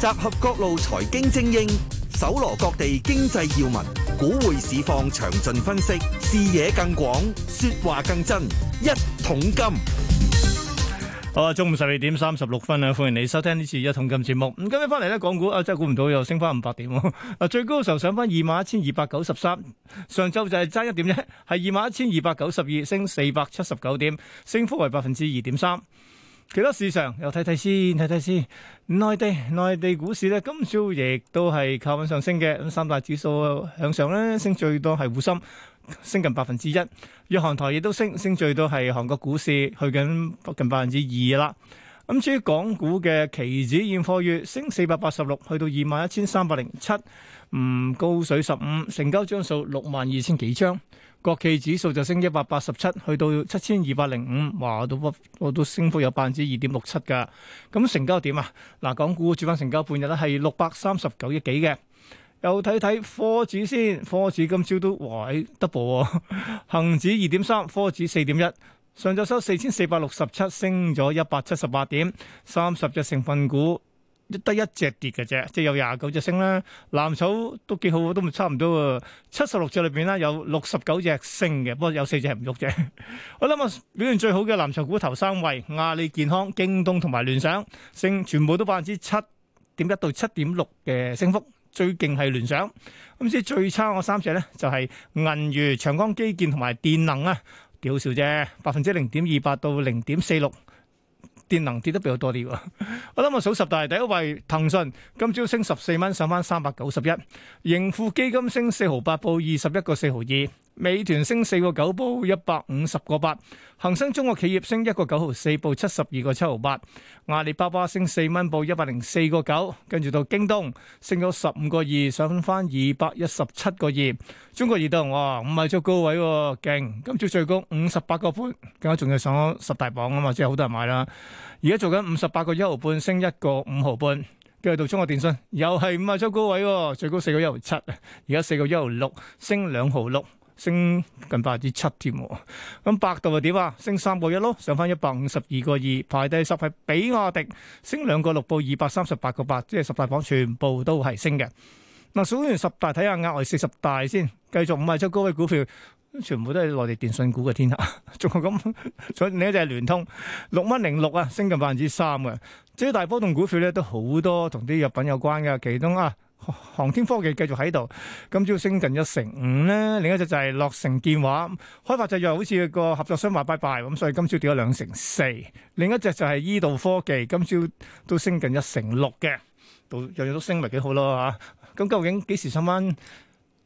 集合各路財經精英，搜羅各地經濟要聞，股匯市況詳盡分析，視野更廣，說話更真。一桶金，好啊！中午十二點三十六分啊，歡迎你收聽呢次一桶金節目。咁今日翻嚟咧，港股啊真係估唔到又升翻五百點喎！啊，最高嘅時候上翻二萬一千二百九十三，上晝就係差一點啫，係二萬一千二百九十二，升四百七十九點，升幅為百分之二點三。其他市場又睇睇先，睇睇先。內地內地股市咧，今朝亦都係靠穩上升嘅。咁三大指數向上咧，升最多係滬深，升近百分之一。日韓台亦都升，升最多係韓國股市，去緊近百分之二啦。咁至於港股嘅期指現貨月升四百八十六，去到二萬一千三百零七，唔高水十五，成交張數六萬二千幾張。國企指數就升一百八十七，去到七千二百零五，哇！到不我都升幅有百分之二點六七㗎。咁成交點啊？嗱，港股主板成交半日啦，係六百三十九億幾嘅。又睇睇科指先，科指今朝都哇喺 double，、哎啊、恒指二點三，科指四點一。上晝收四千四百六十七，升咗一百七十八點，三十隻成分股。得一隻跌嘅啫，即係有廿九隻升啦。藍籌都幾好，都差唔多。七十六隻裏邊啦，有六十九隻升嘅，不過有四隻係唔喐啫。我諗啊，表現最好嘅藍籌股頭三位，阿里健康、京東同埋聯想升，全部都百分之七點一到七點六嘅升幅。最勁係聯想。咁至最差嗰三隻咧，就係銀娛、長江基建同埋電能啊，跌好少啫，百分之零點二八到零點四六。電能跌得比較多啲，我諗我數十大第一位，騰訊今朝升十四蚊，上返三百九十一，盈富基金升四毫八，報二十一個四毫二。美團升四個九，報一百五十個八；恒生中國企業升一個九毫四，報七十二個七毫八；阿里巴巴升四蚊，報一百零四個九。跟住到京東升咗十五個二，上翻二百一十七個二。中國移動哇，五十周高位喎，勁，今朝最高五十八個半，更加仲要上咗十大榜啊嘛，即係好多人買啦。而家做緊五十八個一毫半，升一個五毫半。跟住到中國電信又係五十周高位，最高四個一毫七，而家四個一毫六，升兩毫六。升近百分之七添，咁百度又點啊？升三個一咯，上翻一百五十二個二。排第十係比亞迪，升兩個六報二百三十八個八，8. 8，即係十大榜全部都係升嘅。嗱，數完十大睇下額外四十大先，繼續五位數高位股票，全部都係內地電信股嘅天下。仲係咁，所以另一隻聯通六蚊零六啊，升近百分之三嘅。即係大波動股票咧都好多同啲藥品有關嘅，其中啊。航天科技繼續喺度，今朝升近一成五咧。另一隻就係落成建華開發，就又好似個合作商話拜拜咁，所以今朝跌咗兩成四。另一隻就係醫渡科技，今朝都升近一成六嘅，度樣樣都升，咪幾好咯嚇。咁究竟幾時收翻？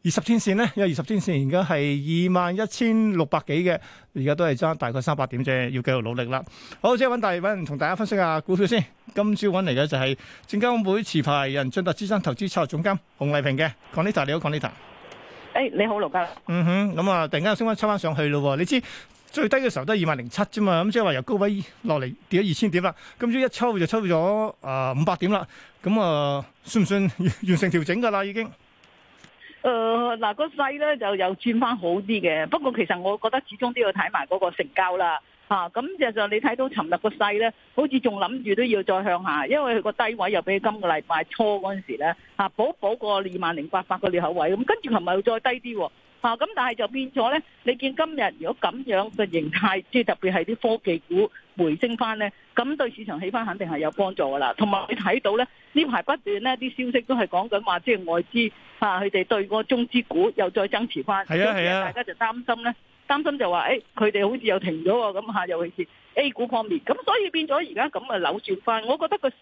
二十天線咧，因為二十天線而家係二萬一千六百幾嘅，而家都係爭大概三百點啫，要繼續努力啦。好，即係揾大，二人同大家分析下股票先。今朝揾嚟嘅就係證監會持牌人進達資產投資策劃總監熊麗萍嘅講呢段，你好，講呢段。誒，你好，盧嘉。嗯哼，咁、嗯、啊、嗯嗯嗯，突然間升翻抽翻上去咯。你知最低嘅時候都係二萬零七啫嘛，咁、嗯、即係話由高位落嚟跌咗二千點啦。今朝一抽就抽咗、呃、五百點啦。咁、嗯、啊，算唔算完成調整㗎啦？已經？誒嗱個勢咧就又轉翻好啲嘅，不過其實我覺得始終都要睇埋嗰個成交啦，嚇咁就就你睇到尋日個勢咧，好似仲諗住都要再向下，因為佢個低位又比今個禮拜初嗰陣時咧嚇補補個二萬零八百個裂口位咁，跟住琴日又再低啲喎，嚇咁但係就變咗咧，你見今日如果咁樣嘅形態，即係特別係啲科技股回升翻咧。咁對市場起返肯定係有幫助噶啦，同埋你睇到呢，呢排不斷呢啲消息都係講緊話，即係外資啊，佢哋對個中資股又再增持翻。係啊係啊，大家就擔心呢，擔、啊、心就話誒，佢、欸、哋好似又停咗咁吓，尤其是 A 股方面。咁所以變咗而家咁就扭轉翻，我覺得個市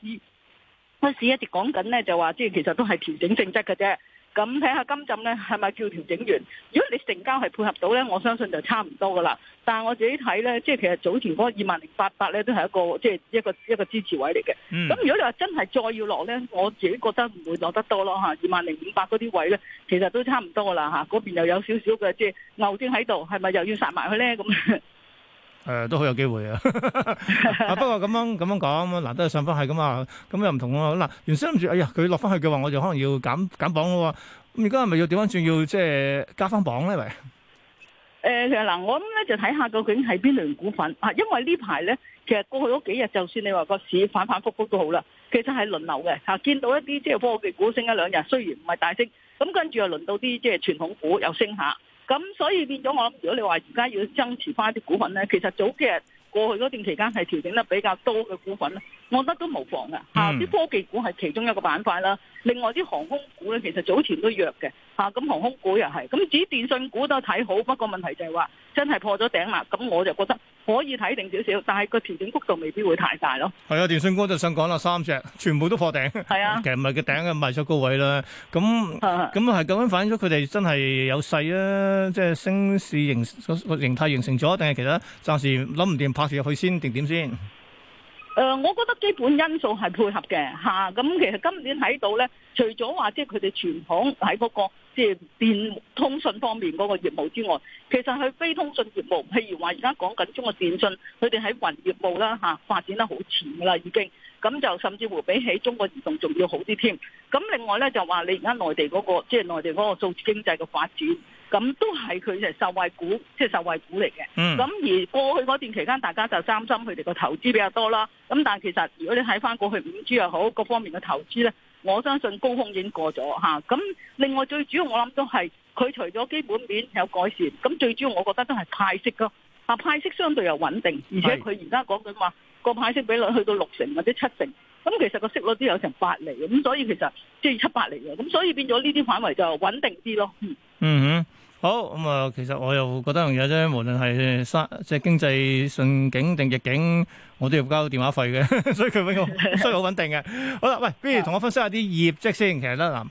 個市一直講緊呢，就話即係其實都係調整性質嘅啫。咁睇下金枕咧，係咪叫調整完？如果你成交係配合到咧，我相信就差唔多噶啦。但係我自己睇咧，即係其實早前嗰二萬零八百咧，都係一個即係一個一個支持位嚟嘅。咁、嗯、如果你話真係再要落咧，我自己覺得唔會落得多咯嚇。二萬零五百嗰啲位咧，其實都差唔多噶啦嚇。嗰邊又有少少嘅即係牛證喺度，係咪又要殺埋佢咧咁？誒、呃，都好有機會 啊， 啊，啊！啊，不過咁樣咁樣講，嗱，難得上翻去咁啊，咁又唔同啊！嗱，原先諗住，哎呀，佢落翻去嘅話，我就可能要減減磅咯。咁而家係咪要點樣轉，要即、就、係、是、加翻磅咧？咪？誒，其實嗱，我諗咧就睇下究竟係邊輪股份啊。因為呢排咧，其實過去嗰幾日，就算你話個市反反复复都好啦，其實係輪流嘅吓、啊。見到一啲即係科技股升一兩日，雖然唔係大升，咁跟住又輪到啲即係傳統股又升下。咁所以變咗，我諗如果你話而家要增持翻啲股份咧，其實早幾日過去嗰段期間係調整得比較多嘅股份咧，我覺得都無妨噶嚇，啲、啊、科技股係其中一個板塊啦。另外啲航空股咧，其實早前都弱嘅，嚇咁航空股又係，咁至於電信股都睇好，不過問題就係話真係破咗頂啦，咁我就覺得可以睇定少少，但係個調整幅度未必會太大咯。係啊，電信股就想講啦，三隻全部都破頂。係啊，其實唔係個頂啊，賣咗高位啦，咁咁啊係咁樣反映咗佢哋真係有勢啊，即係升市形個形態形成咗，定係其實暫時諗唔掂拍住入去先定點先？誒，我覺得基本因素係配合嘅嚇，咁其實今年睇到咧，除咗話即係佢哋傳統喺嗰個即係電通訊方面嗰個業務之外，其實佢非通訊業務，譬如話而家講緊中國電信，佢哋喺雲業務啦嚇，發展得好淺㗎喇已經，咁就甚至乎比起中國移動仲要好啲添。咁另外咧就話你而家內地嗰、那個即係、就是、內地嗰個數字經濟嘅發展。咁都係佢就受惠股，即係受惠股嚟嘅。咁而過去嗰段期間，大家就擔心佢哋個投資比較多啦。咁但係其實如果你睇翻過去五 G 又好，各方面嘅投資呢，我相信高峰已經過咗嚇。咁另外最主要我諗都係佢除咗基本面有改善，咁最主要我覺得都係派息咯。啊派息相對又穩定，而且佢而家講緊話個派息比率去到六成或者七成，咁其實個息率都有成八厘嘅，咁所以其實即係七八厘嘅，咁所以變咗呢啲範圍就穩定啲咯。嗯。好咁啊、嗯，其實我又覺得樣嘢啫，無論係即係經濟順景定逆境，我都要交電話費嘅，所以佢俾我，所以好穩定嘅。好啦，喂，不如同我分析一下啲業績先。其實呢，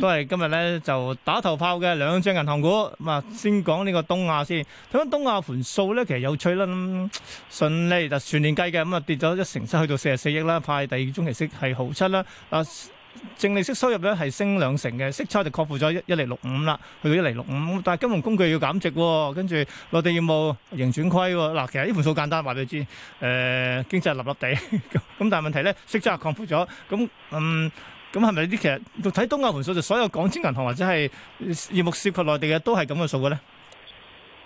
都係今日咧就打頭炮嘅兩張銀行股。咁啊，先講呢個東亞先。睇翻東亞盤數咧，其實有趣啦，順利就全年計嘅咁啊，跌咗一成七，去到四十四億啦。派第二中期息係毫七啦。啊！淨利息收入咧係升兩成嘅，息差就擴闊咗一厘六五啦，去到一厘六五，但係金融工具要減值，跟住內地業務盈轉虧，嗱，其實呢盤數簡單話俾你知，誒，經濟立立地，咁但係問題咧，息差擴闊咗，咁嗯，咁係咪呢啲其實睇東亞盤數就所有港資銀行或者係業務涉及內地嘅都係咁嘅數嘅咧？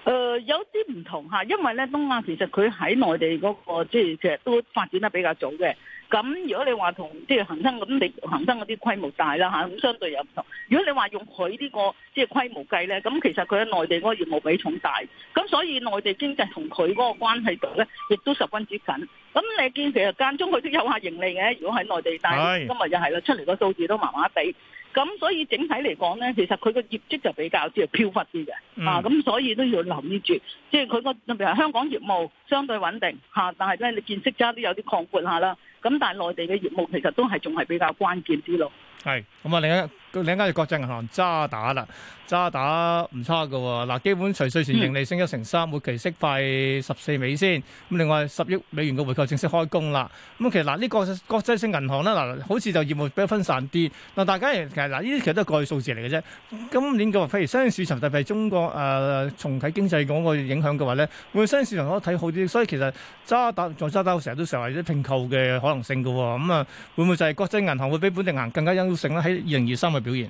誒，有啲唔同吓，因為咧東亞其實佢喺內地嗰個即係其實都發展得比較早嘅。咁如果你話同即係恆生咁，你恆生嗰啲規模大啦吓，咁、啊、相對又唔同。如果你話用佢呢、這個即係規模計咧，咁其實佢喺內地嗰個業務比重大，咁所以內地經濟同佢嗰個關係度咧，亦都十分之近。咁你見其實間中佢都有下盈利嘅，如果喺內地，但今日又係啦，出嚟個數字都麻麻地。咁所以整體嚟講咧，其實佢個業績就比較即係飄忽啲嘅，嗯、啊，咁所以都要留意住，即係佢個特別係香港業務相對穩定吓、啊，但係咧你見息差都有啲擴闊下啦。咁但係內地嘅業務其實都係仲係比較關鍵啲咯。係，咁啊另一。另一間國際銀行揸打啦，揸打唔差㗎喎。嗱，基本除稅前盈利升一成三，活期息費十四美先。咁另外十億美元嘅回購正式開工啦。咁其實嗱，呢個國際性銀行咧，嗱，好似就業務比較分散啲。嗱，大家其實嗱，呢啲其實都係過去數字嚟嘅啫。今年嘅話，譬如新興市場特別係中國誒、呃、重啟經濟嗰個影響嘅話咧，會,會新興市場可睇好啲。所以其實揸打再揸打，成日都成話有啲併購嘅可能性嘅喎。咁啊，會唔會就係國際銀行會比本地銀行更加優勝咧？喺二零二三月。表現，誒、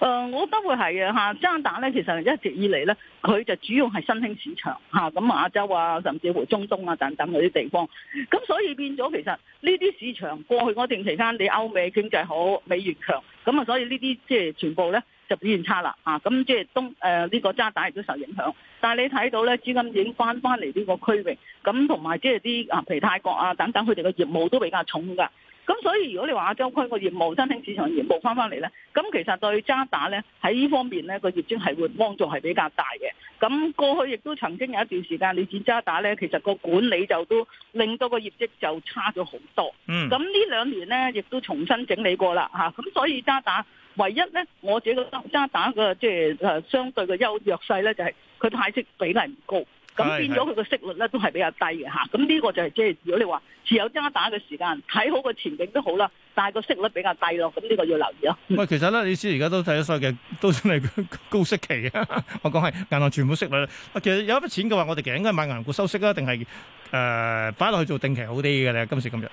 嗯，我覺得會係嘅吓，渣打咧，其實一直以嚟咧，佢就主要係新興市場吓，咁、啊、亞洲啊，甚至乎中東啊等等嗰啲地方，咁所以變咗其實呢啲市場過去嗰段期間，你歐美經濟好，美元強，咁啊，所以呢啲即係全部咧就表現差啦，吓、啊，咁即係東誒呢、呃這個渣打亦都受影響，但係你睇到咧資金已經返返嚟呢個區域，咁同埋即係啲啊譬如泰國啊等等，佢哋嘅業務都比較重噶。咁所以如果你話亞洲區個業務、新興市場業務翻翻嚟咧，咁其實對渣打咧喺呢方面咧個業績係會幫助係比較大嘅。咁過去亦都曾經有一段時間，你指渣打咧，其實個管理就都令到個業績就差咗好多。嗯。咁呢兩年咧，亦都重新整理過啦吓。咁所以渣打唯一咧，我自己覺得渣打嘅即係誒相對嘅優弱勢咧，就係佢派息比例唔高。咁變咗佢個息率咧都係比較低嘅嚇，咁呢個就係即係如果你話持有渣打嘅時間睇好個前景都好啦，但係個息率比較低咯，咁呢個要留意咯。喂，其實咧，你知而家都睇咗所有嘅都算係高息期嘅，我講係銀行全部息率。其實有一筆錢嘅話，我哋其實應該買銀行股收息啊，定係誒擺落去做定期好啲嘅咧？今時今日，誒、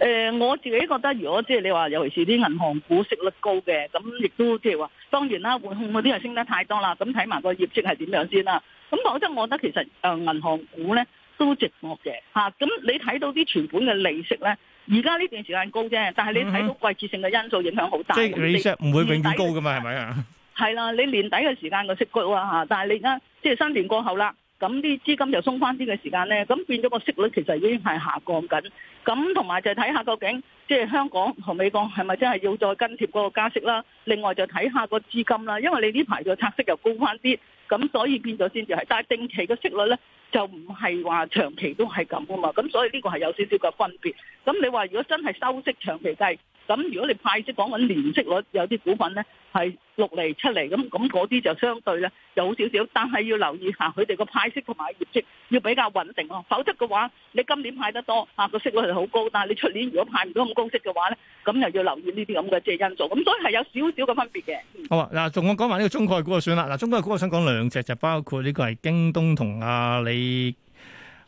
呃、我自己覺得，如果即係你話，尤其是啲銀行股息率高嘅，咁亦都即係話，當然啦，匯控嗰啲係升得太多啦，咁睇埋個業績係點樣先啦。咁講真，我覺得其實誒銀行股咧都寂寞嘅吓。咁你睇到啲存款嘅利息咧，而家呢段時間高啫。但係你睇到季節性嘅因素影響好大。即係利息唔會永遠高㗎嘛？係咪啊？係啦，你年底嘅時間個息高啊吓。但係你而家即係新年過後啦，咁啲資金又鬆翻啲嘅時間咧，咁變咗個息率其實已經係下降緊。咁同埋就睇下究竟即係、就是、香港同美國係咪真係要再跟貼嗰個加息啦？另外就睇下個資金啦，因為你呢排個拆息又高翻啲。咁所以變咗先至係，但係定期嘅息率呢就唔係話長期都係咁噶嘛，咁所以呢個係有少少嘅分別。咁你話如果真係收息長期計，咁如果你派息講緊年息率，有啲股份呢係六厘七厘，咁咁嗰啲就相對呢好少少，但係要留意下，佢哋個派息同埋業績要比較穩定咯，否則嘅話，你今年派得多啊個息率係好高，但係你出年如果派唔到咁高息嘅話呢。咁又要留意呢啲咁嘅即係因素，咁所以係有少少嘅分別嘅。好啊，嗱，同我講埋呢個中概股就算啦。嗱，中概股我想講兩隻，就包括呢個係京東同阿里。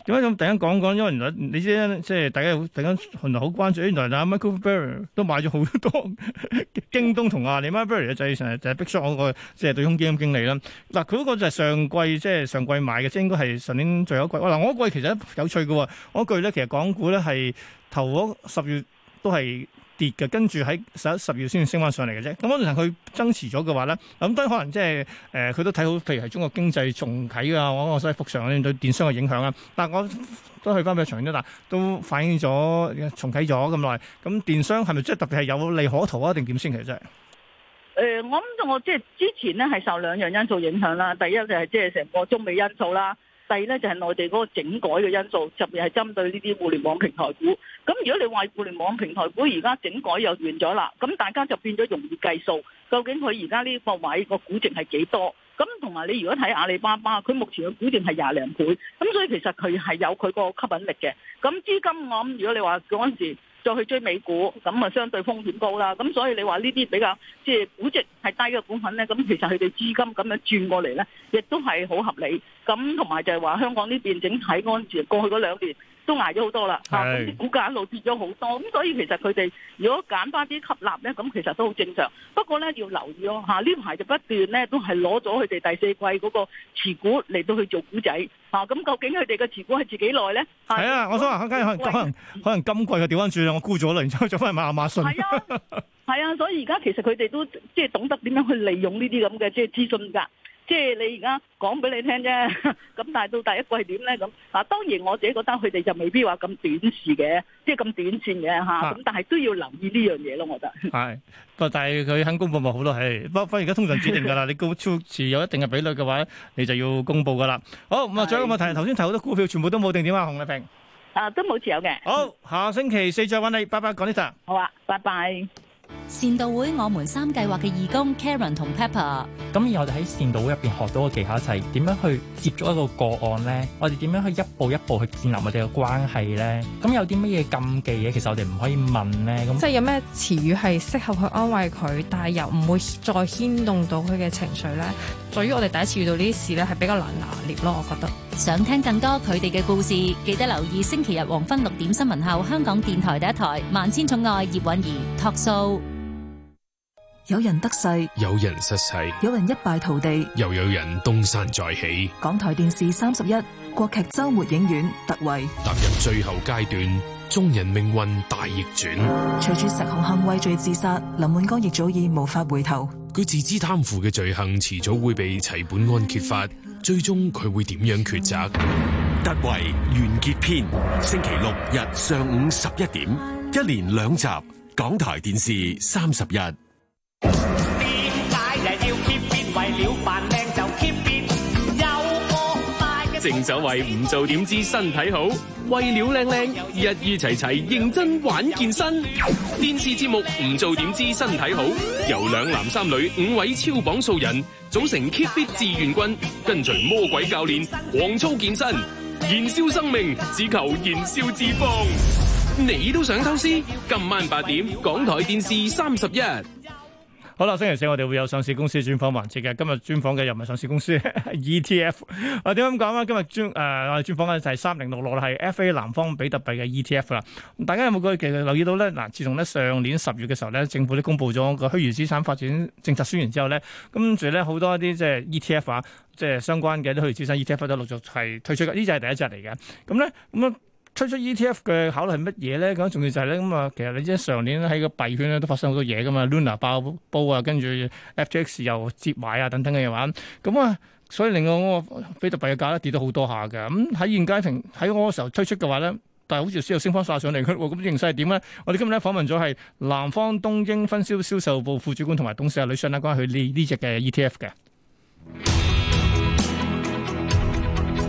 點解咁突然講講？因為原來你知即係大家突然好關注，原來阿 Michael Burry 都買咗好多京東同阿里。Michael Burry 就係成日就係 Big Short 我個即係對空基金經理啦。嗱，佢嗰個就係上季即係上季買嘅，即係應該係上年最後一季。嗱，我嗰季其實有趣嘅，我嗰句咧其實港股咧係頭嗰十月都係。跌嘅，跟住喺十一十月先至升翻上嚟嘅啫。咁可能佢增持咗嘅話咧，咁、呃、都可能即係誒，佢都睇好，譬如係中國經濟重啟啊，我我所以復常對電商嘅影響啊，但係我都去翻比較長啲都反映咗重啟咗咁耐。咁電商係咪即係特別係有利可圖啊？定點先其實？誒、呃，我諗我即係之前咧係受兩樣因素影響啦。第一就係即係成個中美因素啦。第二咧就係、是、內地嗰個整改嘅因素，特別係針對呢啲互聯網平台股。咁如果你話互聯網平台股而家整改又完咗啦，咁大家就變咗容易計數，究竟佢而家呢個位個估值係幾多？咁同埋你如果睇阿里巴巴，佢目前嘅估值係廿零倍，咁所以其實佢係有佢個吸引力嘅。咁資金我諗，如果你話嗰陣時再去追美股，咁啊相對風險高啦。咁所以你話呢啲比較即係估值。低嘅股份咧，咁其實佢哋資金咁樣轉過嚟咧，亦都係好合理。咁同埋就係話香港呢邊整體安全，過去嗰兩年都捱咗好多啦，啊，啲股價一路跌咗好多。咁所以其實佢哋如果揀翻啲吸納咧，咁其實都好正常。不過咧，要留意咯嚇。呢排就不斷咧都係攞咗佢哋第四季嗰個持股嚟到去做股仔啊。咁究竟佢哋嘅持股係揸幾耐咧？係啊，我想話可能可能可能今季就調翻轉啦，我沽咗啦，然之後再翻嚟買亞馬遜。係啊，所以而家其實佢哋都即係懂得點樣去利用呢啲咁嘅即係資訊㗎，即係你而家講俾你聽啫。咁但係到第一季係點咧？咁嗱，當然我自己覺得佢哋就未必話咁短視嘅，即係咁短線嘅嚇。咁但係都要留意呢樣嘢咯，我覺得。係，個但係佢肯公布咪好咯？係，不過，反正而家通常指定㗎啦。你高超持有一定嘅比率嘅話，你就要公布㗎啦。好，咁啊，仲有一個問題，頭先提好多股票，全部都冇定點啊，熊麗萍。啊，都冇持有嘅。好，下星期四再揾你，拜拜，Gordon。好啊，拜拜。善道會我們三計劃嘅義工 Karen 同 Pepper，咁而我哋喺善道會入邊學到嘅技巧一齊，點樣去接觸一個個案呢？我哋點樣去一步一步去建立我哋嘅關係呢？咁有啲乜嘢禁忌嘅？其實我哋唔可以問呢，咁即係有咩詞語係適合去安慰佢，但係又唔會再牽動到佢嘅情緒呢？在於我哋第一次遇到呢啲事呢，係比較難拿捏咯。我覺得想聽更多佢哋嘅故事，記得留意星期日黃昏六點新聞後，香港電台第一台萬千寵愛葉蘊儀 Talk Show。有人得勢，有人失勢，有人一敗塗地，又有人東山再起。港台電視三十一國劇周末影院突圍，德踏入最後階段，眾人命運大逆轉。隨住石紅杏畏罪自殺，林滿江亦早已無法回頭。佢自知貪腐嘅罪行遲早會被齊本安揭發，最終佢會點樣抉擇？突圍完結篇，星期六日上午十一點，一連兩集。港台電視三十一。為了要 keep it，為了扮靚就 keep it，正所謂唔做，點知身體好？為了靚靚，一於齊齊認真玩健身。電視節目唔做，點知身體好？由兩男三女五位超榜素人組成 Keep Fit 志願軍，跟隨魔鬼教練狂操健身，燃燒生命，只求燃燒脂肪。你都想偷師？今晚八點，港台電視三十一。好啦，星期四我哋會有上市公司嘅專訪環節嘅，今日專訪嘅又唔係上市公司呵呵 ETF，我點樣咁講咧？今日專誒我哋專訪嘅就係三零六六啦，係 FA 南方比特幣嘅 ETF 啦。大家有冇過其實留意到咧？嗱，自從咧上年十月嘅時候咧，政府都公布咗個虛擬資產發展政策宣言之後咧，跟住咧好多一啲即係 ETF 啊，即係相關嘅啲虛擬資產 ETF 都陸續係退出嘅，呢隻係第一隻嚟嘅。咁咧咁啊。嗯推出 ETF 嘅考慮係乜嘢咧？咁重要就係咧咁啊，其實你知上年喺個幣圈咧都發生好多嘢噶嘛，Luna 爆煲啊，跟住 FTX 又折埋啊，等等嘅嘢玩。咁啊，所以令到我比特幣嘅價咧跌咗好多下嘅。咁、嗯、喺現階平喺嗰個時候推出嘅話咧，但係好似先有升翻晒上嚟咁、那個、形勢係點咧？我哋今日咧訪問咗係南方東英分銷銷售部副主管同埋董事阿女尚，講下佢呢呢隻嘅 ETF 嘅。